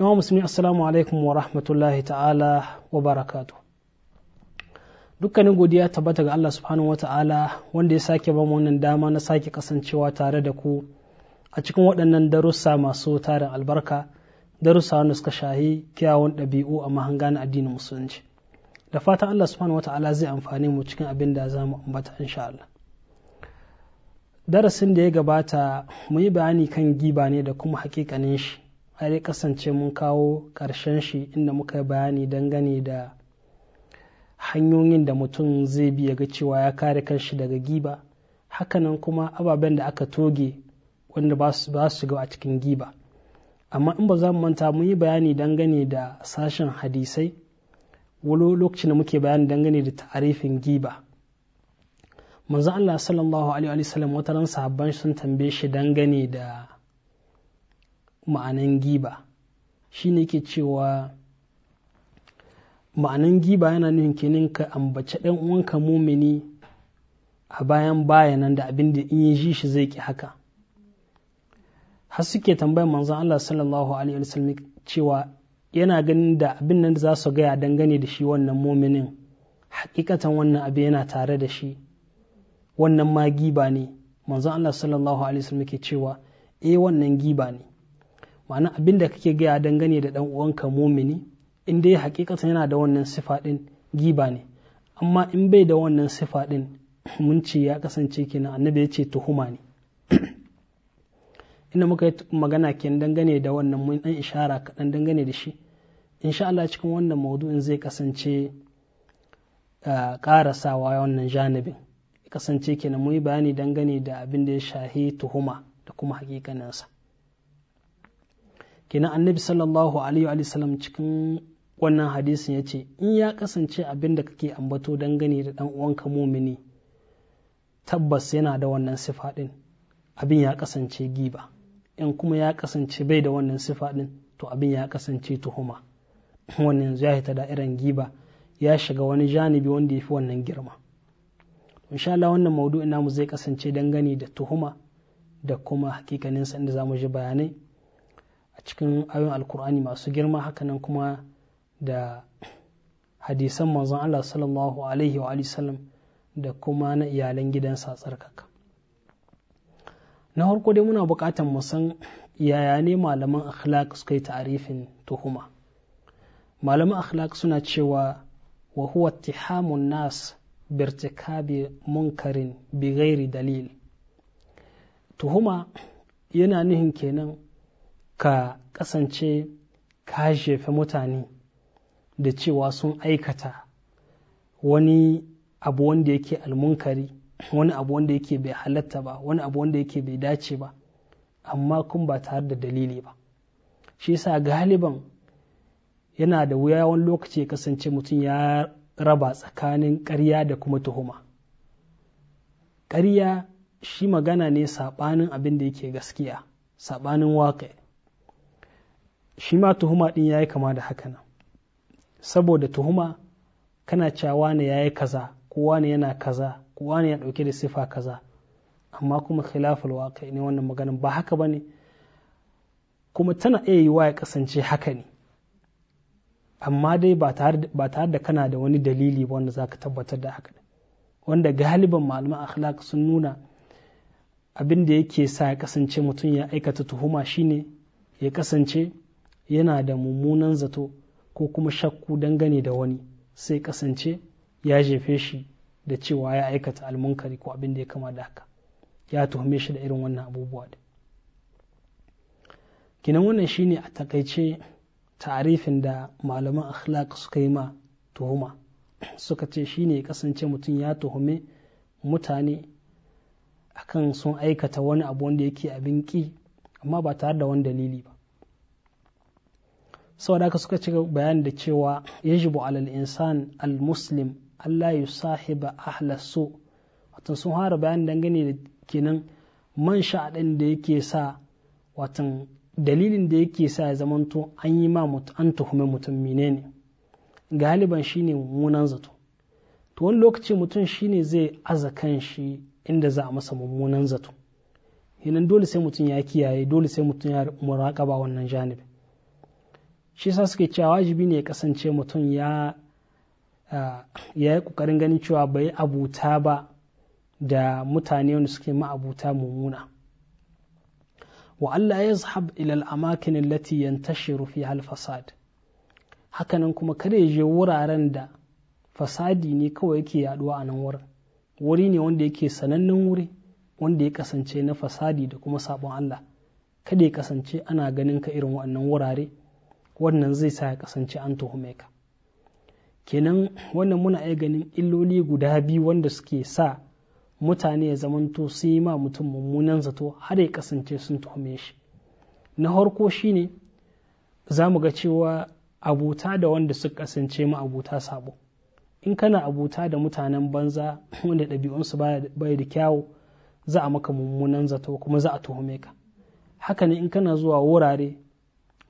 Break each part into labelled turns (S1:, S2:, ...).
S1: yawan musulmi assalamu alaikum wa rahmatullahi ta'ala wa barakatu dukkanin godiya tabbata ga Allah subhanahu wa ta'ala wanda ya sake ba wannan dama na sake kasancewa tare da ku a cikin waɗannan darussa masu tarin albarka darussa wanda suka shahi kyawun ɗabi'u a mahanga na addinin musulunci da fatan Allah subhanahu wa ta'ala zai amfani mu cikin abin da za mu ambata insha Allah darasin da ya gabata mu yi bayani kan giba ne da kuma hakikanin shi har ya kasance mun kawo ƙarshen shi inda muka yi bayani dangane da hanyoyin da mutum zai bi ga cewa ya kare kanshi daga giba hakanan kuma ababen da aka toge wanda ba su shiga a cikin giba amma in ba za mu manta mun yi bayani dangane da sashen hadisai wani lokacin da muke bayani dangane da ta'arifin giba manzo Allah sallallahu alaihi wa sallam wata ransa sahabban sun tambaye shi dangane da ma'anan giba shi ne ke cewa ma'anan giba yana nufin kenan ka ambaci ɗan uwanka mumini a bayan bayanan da abin da in yi shi zai ki haka har suke tambayar manzon Allah sallallahu alaihi wasallam cewa yana ganin da abin nan da za su gaya dangane da shi wannan muminin hakikatan wannan abin yana tare da shi wannan ma giba ne manzon Allah sallallahu alaihi wasallam ke cewa eh wannan giba ne ma'ana abin da kake gaya dangane da dan uwanka mumini in dai hakikatan yana da wannan sifa din giba ne amma in bai da wannan sifa din mun ya kasance kenan annabi ya ce tuhuma ne inda muka yi magana kenan dangane da wannan mun dan ishara kaɗan dangane da shi insha Allah cikin wannan maudu'in zai kasance ƙarasawa wannan janibin kasance kenan mu yi bayani dangane da abin da ya shahi tuhuma da kuma hakikaninsa kenan annabi sallallahu alaihi wa sallam cikin wannan hadisin ya ce in ya kasance abin da kake ambato dangane da dan uwanka mumini tabbas yana da wannan sifa abin ya kasance giba in kuma ya kasance bai da wannan sifa din to abin ya kasance tuhuma wannan yanzu ya hita da'iran giba ya shiga wani janibi wanda ya fi wannan girma insha Allah wannan maudu'in namu zai kasance dangane da tuhuma da kuma hakikaninsa inda za zamu ji bayanai a cikin ayoyin alkur'ani masu girma hakanan kuma da hadisan manzon Allah sallallahu alaihi wa sallam da kuma na iyalan gidansa tsarkaka na harko dai muna buƙatar mu san yaya ne malaman akhlaq suka yi ta'arifin tuhuma malaman akhlaq suna cewa wa huwa tihamun nas birtikabi munkarin bi dalil tuhuma yana nihin kenan ka kasance ka jefe mutane da cewa sun aikata wani abu wanda yake almunkari wani abu wanda yake bai halatta ba wani abu wanda yake bai dace ba amma kun ba tare da dalili ba shi yasa galiban yana da wuya wani lokaci ya kasance mutum ya raba tsakanin ƙarya da kuma tuhuma karya shi magana ne saɓanin abin da yake gaskiya saɓanin waƙe shi ma tuhuma ɗin ya yi kama da haka nan saboda tuhuma kana cewa ne ya yi kaza kowa ne yana kaza kowa ne ya ɗauke da sifa kaza amma kuma khilaful waƙi ne wannan maganin ba haka ba ne kuma tana iya yiwa ya kasance haka ne amma dai ba tare da kana da wani dalili ba wanda za ka tabbatar da haka wanda galiban malaman akhlaq sun nuna abin da yake sa ya kasance mutum ya aikata tuhuma shine ya kasance yana da mummunan zato ko kuma shakku dangane da wani sai kasance ya jefe shi da cewa ya aikata almunkari ko abin da ya kama da haka ya tuhume shi da irin wannan abubuwa da kinan wannan shine a takaice tarifin da malaman akhlaq suka yi ma tuhuma suka ce shine ya kasance mutum ya tuhume mutane akan sun aikata wani abu wanda yake abin ki amma ba tare da wani dalili ba saboda haka suka ci bayani da cewa yajibu alal insan al muslim Allah ya sahiba ahlas su watan sun fara bayani dangane da kenan man sha'adin da yake sa watan dalilin da yake sa ya zamanto an yi ma an tuhume mutum menene galiban shine mummunan zato to wani lokaci mutum shine zai aza kan shi inda za a masa mummunan zato yanan dole sai mutum ya kiyaye dole sai mutum ya ba wannan janibi shi sa suke cewa wajibi ne ya kasance mutum ya ya yi ƙoƙarin ganin cewa bai abuta ba da mutane wanda suke ma'abuta mummuna wa Allah ya zahab ilal amakin allati yantashiru fi hal fasad hakanan kuma kada ya je wuraren da fasadi ne kawai yake yaduwa a nan wurin wuri ne wanda yake sanannen wuri wanda ya kasance na fasadi da kuma sabon Allah kada ya kasance ana ganin ka irin waɗannan wurare wannan zai sa ya kasance an tuhume ka kenan wannan muna iya ganin illoli guda biyu wanda suke sa mutane ya zamanto su yi ma mutum mummunan zato har ya kasance sun tuhume shi na harko shine za mu ga cewa abuta da wanda suka kasance ma abuta sabo in kana abuta da mutanen banza wanda ɗabi'unsu bai da kyawu za a maka mummunan zato kuma za a tuhume ka haka ne in kana zuwa wurare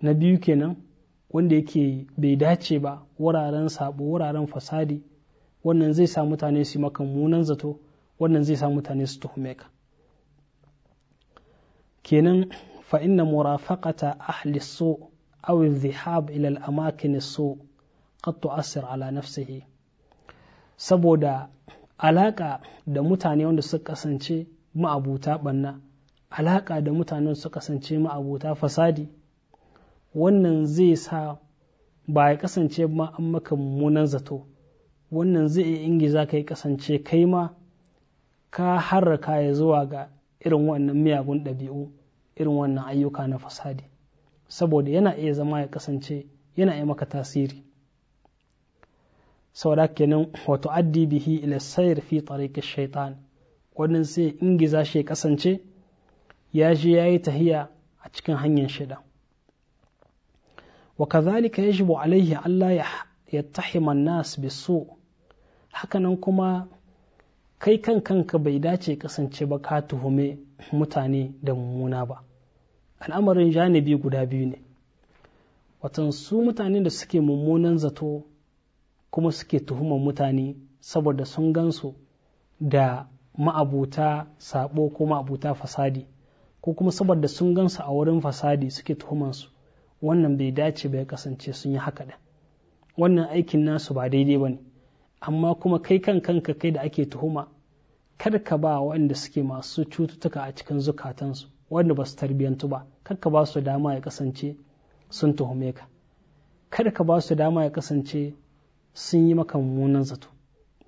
S1: na biyu kenan wanda yake bai dace ba wuraren sabo wuraren fasadi wannan zai sa mutane su maka munan zato wannan zai sa mutane su tuhume ka kenan fa inna murafaqata ahli su aw dhihab ila al amakin su qad tu'assir ala nafsihi saboda alaka da mutane wanda suka kasance ma'abuta banna alaka da mutanen suka kasance ma'abuta fasadi wannan zai sa ba ya kasance ma an maka mummunan zato wannan zai iya ingiza ka yi kasance kai ma ka harraka ya zuwa ga irin wannan miyagun ɗabi'u irin wannan ayyuka na fasadi saboda yana iya zama ya kasance yana iya maka tasiri saboda kenan wato addi bihi ila sayar fi tsarikin shaitan wannan sai ingiza shi ya kasance ya je yi tahiya a cikin hanyar shida. وكذلك يجب عليه ألا يتحم nas بالسوء hakanan kuma kai kan kanka bai dace kasance ba ka tuhume mutane da mummuna ba al'amarin janibi guda biyu ne watan su mutane da suke mummunan zato kuma suke tuhumar mutane saboda sun gansu da ma'abuta sabo ko ma'abuta fasadi ko kuma saboda sun gansu a wurin fasadi suke tuhumansu wannan bai dace ba ya kasance sun yi haka da wannan aikin nasu ba daidai ba ne amma kuma kai kan kanka kai da ake tuhuma kar ka ba wanda suke masu cututtuka a cikin zukatansu wanda ba su tarbiyantu ba kar ka ba su dama ya kasance sun tuhume ka kar ka ba su dama ya kasance sun yi maka mummunan zato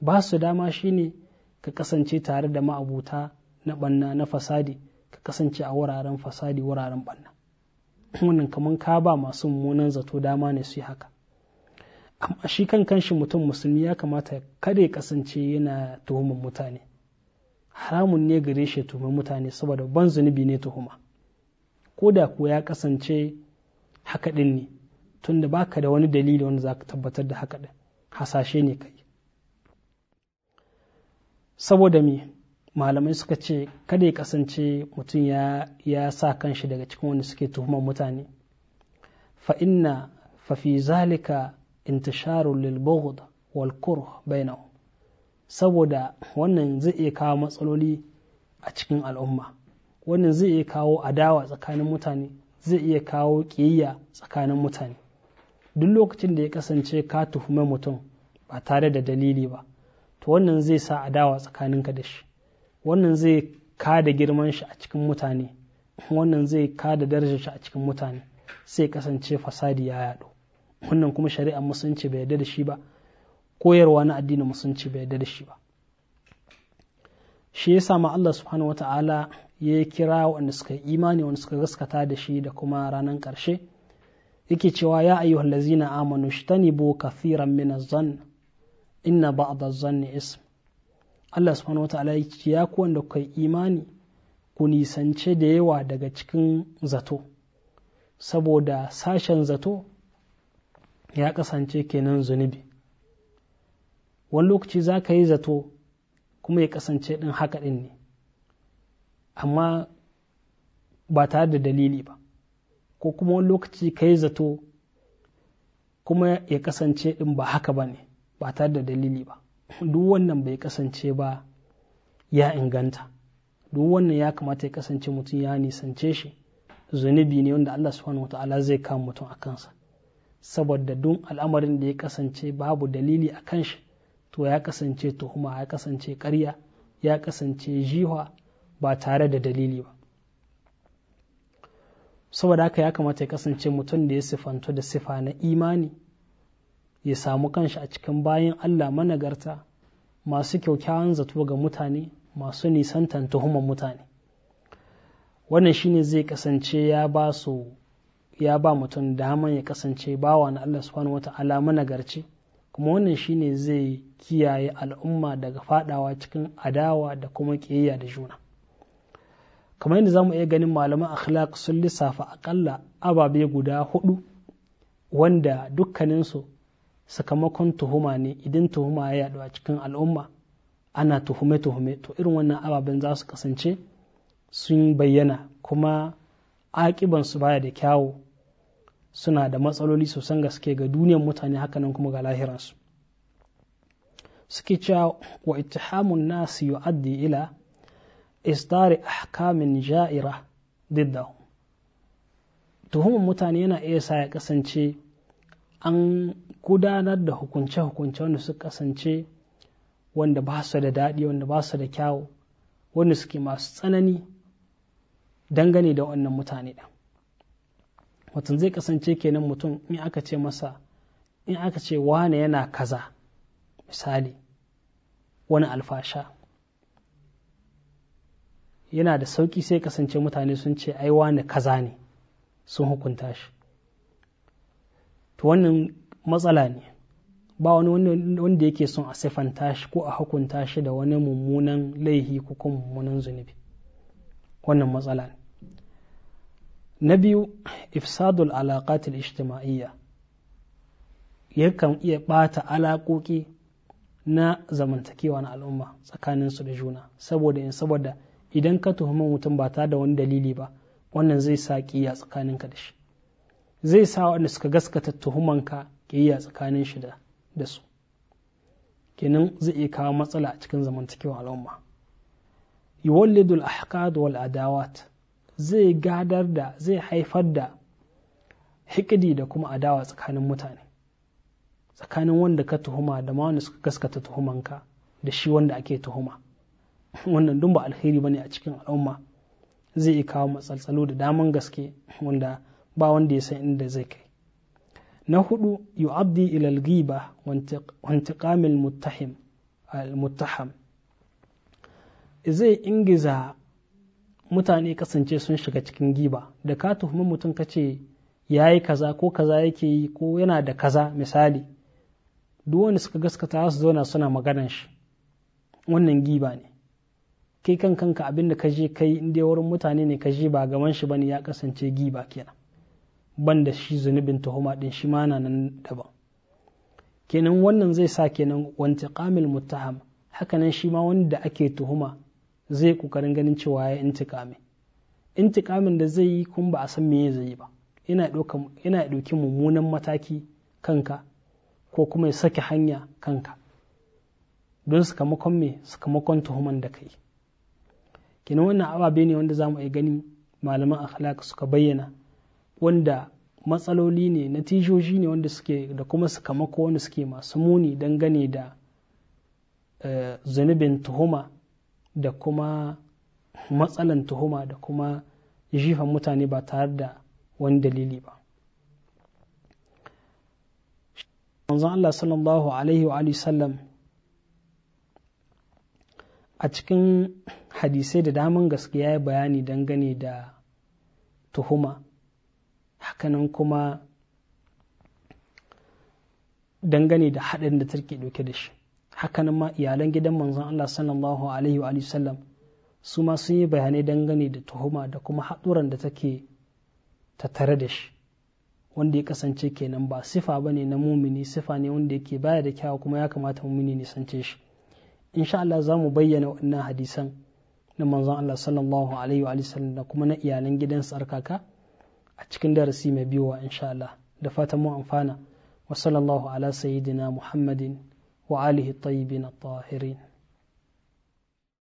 S1: ba su dama shine ka kasance tare da ma'abuta na banna na fasadi ka kasance a wuraren fasadi wuraren banna wannan kamar ka ba masu mummunan zato dama ne su yi haka amma shi kan kanshi mutum musulmi ya kamata kada ya kasance yana tuhumar mutane haramun ne gare shi tuhumar mutane saboda ban zunubi ne tuhuma ko da kuwa ya kasance haka din ne tunda baka da wani dalili wanda za ka tabbatar da haka din, hasashe ne kai saboda me malamai suka ce kada ya kasance mutum ya sa kanshi daga cikin wanda suke tuhumar mutane fa inna fa fi zalika intisharul lil bughd wal kurh bainahum saboda wannan zai iya kawo matsaloli a cikin al'umma wannan zai iya kawo adawa tsakanin mutane zai iya kawo kiyayya tsakanin mutane duk lokacin da ya kasance ka tuhumar mutum ba tare da dalili ba to wannan zai sa adawa tsakaninka da shi wannan zai kada girman shi a cikin mutane wannan zai kada darajar shi a cikin mutane sai kasance fasadi ya yaɗu wannan kuma shari'ar musulunci bai yarda da shi ba koyarwa na addinin musulunci bai yarda da shi ba shi yasa ma Allah subhanahu wata'ala ya kira wanda suka imani wanda suka gaskata da shi da kuma ranar ƙarshe yake cewa ya ayyuhallazina lazina amanu shtanibu kathiran min az-zann inna ba'd az-zanni ism Allah subhanahu wata'ala ya ce ya ku wanda kuka yi imani ku nisance da yawa daga cikin zato saboda sashen zato ya kasance kenan zunubi wani lokaci za ka yi zato kuma ya kasance ɗin haka ɗin ne amma ba tare da dalili ba ko kuma wani lokaci ka yi zato kuma ya kasance ɗin ba haka ba ne ba tare da dalili ba duk wannan bai kasance ba ya inganta duk wannan ya kamata ya kasance mutum ya nisance shi zunubi ne wanda Allah subhanahu wata'ala zai kama mutum a kansa saboda duk al'amarin da ya kasance babu dalili a kan shi to ya kasance tuhuma ya kasance karya ya kasance jiwa ba tare da dalili ba saboda haka ya kamata ya kasance mutum da ya sifanto da sifa na imani ya samu kanshi a cikin bayan Allah managarta masu kyaukyawan zato ga mutane masu nisantan tuhumar mutane wannan shine zai kasance ya ba su ya ba mutum daman ya kasance bawa na Allah subhanahu wata'ala managarci kuma wannan shine zai kiyaye al'umma daga fadawa cikin adawa da kuma ƙiyayya da juna kamar yadda zamu iya ganin malaman akhlaq sun lissafa akalla ababe guda hudu wanda dukkaninsu sakamakon tuhuma ne idan tuhuma ya yaɗu a cikin al'umma ana tuhume-tuhume to irin wannan ababen za su kasance sun bayyana kuma aƙibansu baya da kyawu suna da matsaloli sosan gaske ga duniyar mutane hakanan kuma ga lahiransu suke cewa wa ittihamun nasi yu'addi ila isdari ahkamin ja'ira diddahum tuhumar mutane yana iya sa ya kasance an gudanar da hukunce-hukunce wanda suka kasance wanda ba su da daɗi wanda ba su da kyawu wanda suke masu tsanani dangane da wannan mutane ɗan mutum zai kasance kenan mutum in aka ce masa in aka ce wane yana kaza misali wani alfasha yana da sauki sai kasance mutane sun ce ai wane kaza ne sun hukunta shi to wannan matsala ne ba wani wanda yake son a siffanta shi ko a hukunta shi da wani mummunan laihi ko kuma mummunan zunubi wannan matsala ne na biyu ifsadul alaƙatul ijtima'iyya yakan iya ɓata alaƙoƙi na zamantakewa na al'umma tsakaninsu da juna saboda in saboda idan ka tuhumi mutum ba ta da wani dalili ba wannan zai sa ƙiya tsakaninka da shi zai sa waɗanda suka gaskata tuhumanka ƙiyya tsakanin shi da su kenan zai iya kawo matsala a cikin zamantakewa al'umma yuwallidul ahqad wal adawat zai gadar da zai haifar da hikidi da kuma adawa tsakanin mutane tsakanin wanda ka tuhuma da ma wanda suka gaskata tuhumanka da shi wanda ake tuhuma wannan dun ba alheri bane a cikin al'umma zai iya kawo matsaltsalo da daman gaske wanda ba wanda ya san inda zai kai na hudu yu'addi abdi ilal giba wanti kamil al zai ingiza mutane kasance sun shiga cikin giba da ka tuhumi mutum ka ce ya yi kaza ko kaza yake yi ko yana da kaza misali duk wanda suka gaskata su zauna suna maganan shi wannan giba ne kai kan kanka abinda ka je kai inda wurin mutane ne ka je ba gaban shi bane ya kasance giba kenan Ban da shi zunubin tuhuma din shi ma na nan daban kenan wannan zai sa kenan wanti kamil muttaham nan shi ma wanda ake tuhuma zai kokarin ganin cewa ya intikami intikamin da zai yi kun ba a san me zai yi ba Ina ɗauki mummunan mataki kanka ko kuma ya sake hanya kanka don sakamakon me sakamakon tuhuman da kai kenan wannan ababe ne wanda za mu iya gani malaman akhlaq suka bayyana wanda matsaloli ne na tijoji ne wanda suke da kuma sakamako wanda suke masu muni dangane da eh, zunubin tuhuma da kuma matsalan tuhuma da kuma jifan mutane ba tare da wani dalili ba manzon Allah sallallahu alaihi wa sallam a cikin hadisai da daman gaskiya ya bayani dangane da tuhuma hakanan kuma dangane da haɗin da take ɗauke da shi hakanan ma iyalan gidan manzon Allah sallallahu alaihi wa sallam su ma sun yi bayanai dangane da tuhuma da kuma haɗuran da take tattare da shi wanda ya kasance kenan ba sifa ba ne na mumini sifa ne wanda yake baya da kyawa kuma ya kamata mumini nisance shi insha Allah za mu bayyana wannan hadisan na manzon Allah sallallahu alaihi wa sallam da kuma na iyalan gidan sarkaka a cikin darasi mai biyowa insha Allah da fatan mu amfana wa sallallahu ala sayyidina Muhammadin wa alihi tayyibin at-tahirin